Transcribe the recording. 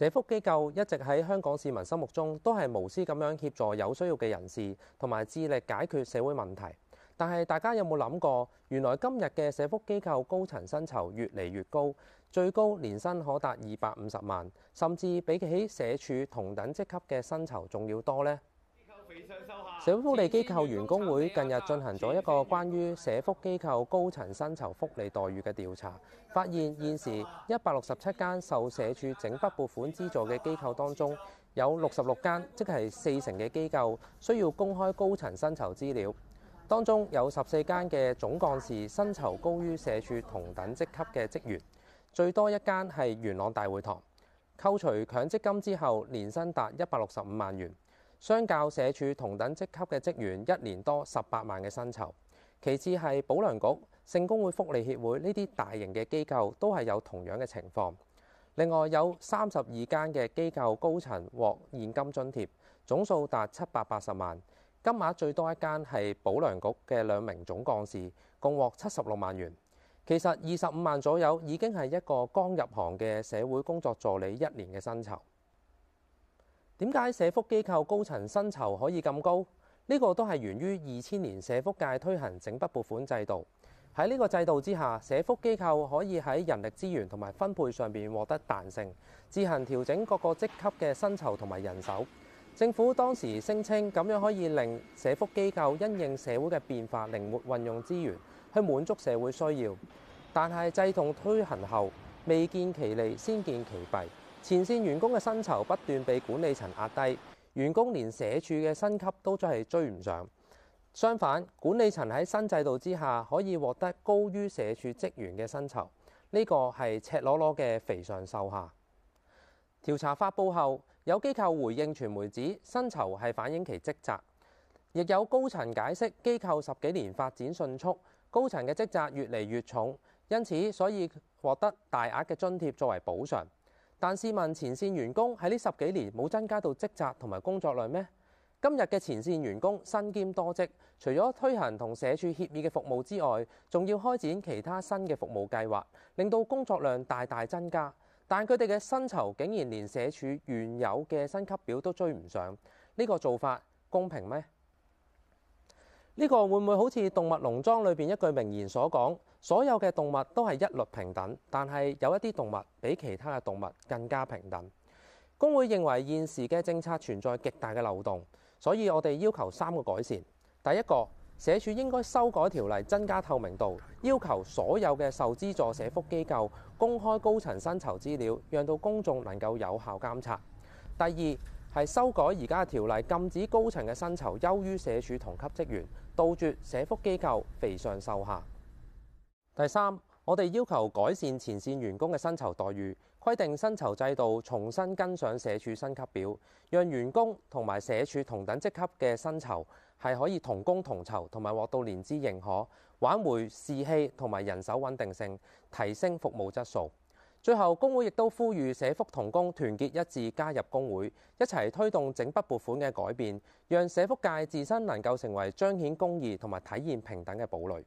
社福機構一直喺香港市民心目中都係無私咁樣協助有需要嘅人士，同埋致力解決社會問題。但係大家有冇諗過，原來今日嘅社福機構高層薪酬越嚟越高，最高年薪可達二百五十萬，甚至比起社署同等職級嘅薪酬仲要多呢？社會福利機構員工會近日進行咗一個關於社福機構高層薪酬福利待遇嘅調查，發現現時一百六十七間受社署整筆撥款資助嘅機構當中有六十六間，即係四成嘅機構需要公開高層薪酬資料。當中有十四間嘅總幹事薪酬高於社署同等職級嘅職員，最多一間係元朗大會堂，扣除強積金之後年薪達一百六十五萬元。相較社署同等職級嘅職員，一年多十八萬嘅薪酬。其次係保良局、聖公會福利協會呢啲大型嘅機構，都係有同樣嘅情況。另外有三十二間嘅機構高層獲現金津貼，總數達七百八十萬。金額最多一間係保良局嘅兩名總幹事，共獲七十六萬元。其實二十五萬左右已經係一個剛入行嘅社會工作助理一年嘅薪酬。點解社福機構高層薪酬可以咁高？呢個都係源於二千年社福界推行整筆撥款制度。喺呢個制度之下，社福機構可以喺人力資源同埋分配上邊獲得彈性，自行調整各個職級嘅薪酬同埋人手。政府當時聲稱咁樣可以令社福機構因應社會嘅變化，靈活運用資源去滿足社會需要。但係制度推行後，未見其利，先見其弊。前線員工嘅薪酬不斷被管理層壓低，員工連社署嘅薪級都真係追唔上。相反，管理層喺新制度之下可以獲得高於社署職員嘅薪酬，呢、這個係赤裸裸嘅肥上瘦下。調查發布後，有機構回應傳媒指，指薪酬係反映其職責；亦有高層解釋，機構十幾年發展迅速，高層嘅職責越嚟越重，因此所以獲得大額嘅津貼作為補償。但試問，前線員工喺呢十幾年冇增加到職責同埋工作量咩？今日嘅前線員工身兼多職，除咗推行同社署協議嘅服務之外，仲要開展其他新嘅服務計劃，令到工作量大大增加。但佢哋嘅薪酬竟然連社署原有嘅薪級表都追唔上，呢個做法公平咩？呢個會唔會好似動物農莊裏邊一句名言所講，所有嘅動物都係一律平等，但係有一啲動物比其他嘅動物更加平等？工會認為現時嘅政策存在極大嘅漏洞，所以我哋要求三個改善。第一個，社署應該修改條例，增加透明度，要求所有嘅受資助社福機構公開高層薪酬資料，讓到公眾能夠有效監察。第二係修改而家嘅條例，禁止高層嘅薪酬優於社署同級職員，杜絕社福機構肥上瘦下。第三，我哋要求改善前線員工嘅薪酬待遇，規定薪酬制度重新跟上社署薪級表，讓員工同埋社署同等職級嘅薪酬係可以同工同酬，同埋獲到年資認可，挽回士氣同埋人手穩定性，提升服務質素。最後，工會亦都呼籲社福同工團結一致，加入工會，一齊推動整筆撥款嘅改變，讓社福界自身能夠成為彰顯公義同埋體現平等嘅堡壘。